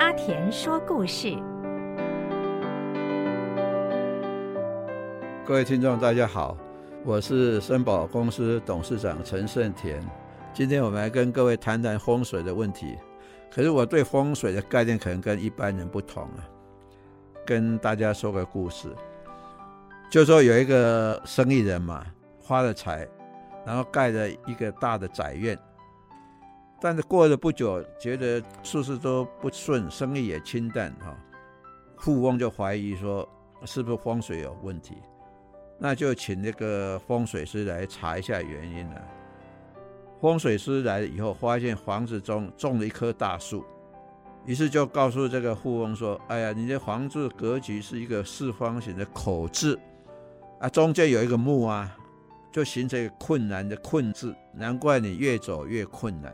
阿沺說故事。各位聽眾，大家好，我是聲寶公司董事長陳盛沺。今天我們來跟各位談談風水的問題。可是我對風水的概念可能跟一般人不同啊。跟大家說個故事，就說有一個生意人嘛，發了財，然後蓋了一個大的宅院。但是過了不久，覺得事事都不順，生意也清淡啊，哦。富翁就懷疑說，是不是風水有問題？那就請那個風水師來查一下原因了，啊。風水師來了以後，發現房子中種了一棵大樹，於是就告訴這個富翁說：“哎呀，你的房子格局是一個四方形的口字啊，中間有一個木啊，就形成一個困難的困字，難怪你越走越困難。”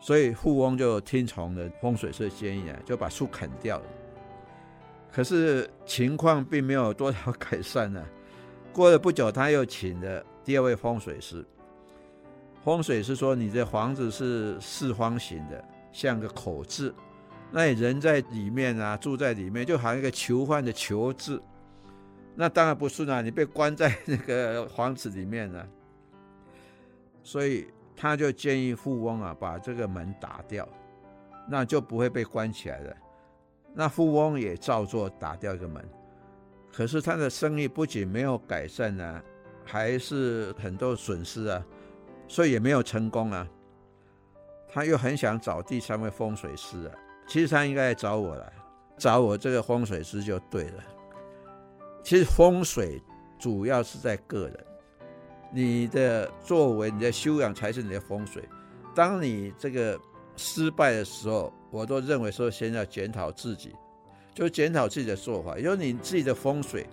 所以富翁就聽從了風水師的建議啊，就把樹砍掉了。可是情況並沒有多少改善呢啊。過了不久，他又請了第二位風水師。風水師說：“你這房子是四方形的，像個口字，那你人在裡面啊，住在裡面，就好像一個囚犯的囚字，那當然不是啊，你被關在那個房子裡面啊。”所以。他就建議富翁啊，把這個門打掉，那就不會被關起來了。那富翁也照做，打掉一個門。可是他的生意不僅沒有改善呢、啊，還是很多損失啊，所以也沒有成功啊。他又很想找第三位風水師啊，其實他應該來找我來，找我這個風水師就對了。其實風水主要是在個人。你的作為，你的修養才是你的風水。當你這個失敗的時候，我都認為說先要檢討自己，就檢討自己的做法，因為你自己的風水、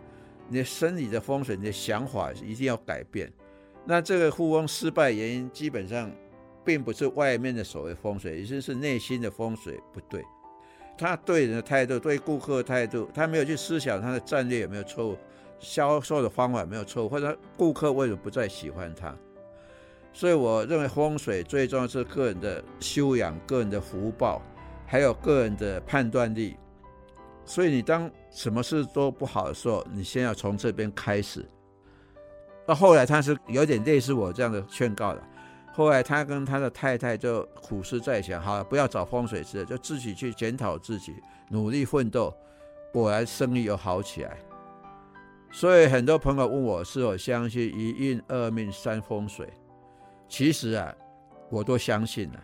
你的生理的風水、你的想法一定要改變。那這個富翁失敗原因，基本上並不是外面的所謂風水，也就是內心的風水不對。他對人的態度，對顧客的態度，他沒有去思想他的戰略有沒有錯誤。銷售的方法沒有錯，或者顧客為什麼不再喜歡他？所以我認為風水最重要是個人的修養、個人的福報，還有個人的判斷力。所以你當什麼事都不好的時候，你先要從這邊開始。到後來他是有點類似我這樣的勸告的。後來他跟他的太太就苦思再想，好，不要找風水師，就自己去檢討自己，努力奮鬥，果然生意又好起來。所以很多朋友問我是否相信一運二命三風水，其實啊，我都相信了，啊，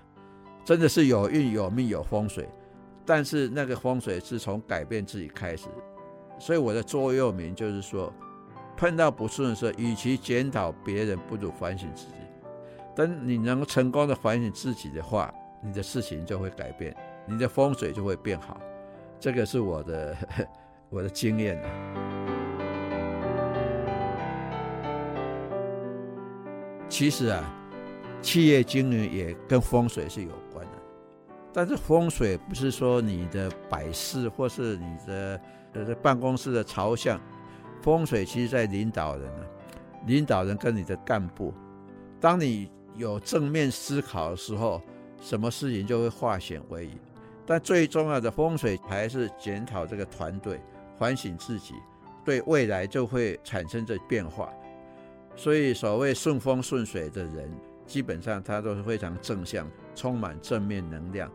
真的是有運有命有風水，但是那個風水是從改變自己開始。所以我的座右銘就是說，碰到不順的時候，與其檢討別人，不如反省自己。等你能成功的反省自己的話，你的事情就會改變，你的風水就會變好。這個是我的，呵，我的經驗啊。其實啊，企業經營也跟風水是有關的，但是風水不是說你的擺設或是你的、就是、辦公室的朝向，風水其實在領導人，領導人跟你的幹部，當你有正面思考的時候，什麼事情就會化險為夷。但最重要的風水還是檢討這個團隊，反省自己，對未來就會產生著變化。所以，所謂順風順水的人，基本上他都是非常正向，充滿正面能量。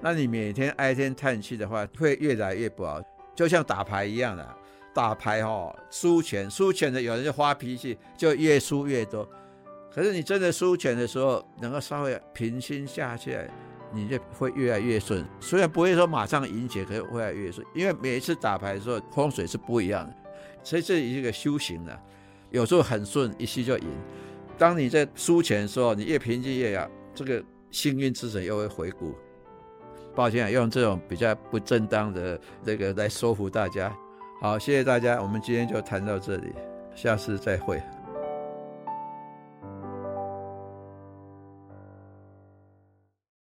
那你每天唉聲嘆氣的話，會越來越不好。就像打牌一樣的，打牌哦，輸錢，輸錢的有人就發脾氣，就越輸越多。可是你真的輸錢的時候，能夠稍微平心下去，你就會越來越順。雖然不會說馬上贏錢，可是會越來越順，因為每一次打牌的時候風水是不一樣的。所以這是一個修行的。有時候很順，一吸就贏。當你在輸錢的時候，你越平靜越好，這個幸運之神又會回顧。抱歉啊，用這種比較不正當的這個來說服大家。好，謝謝大家，我們今天就談到這裡，下次再會。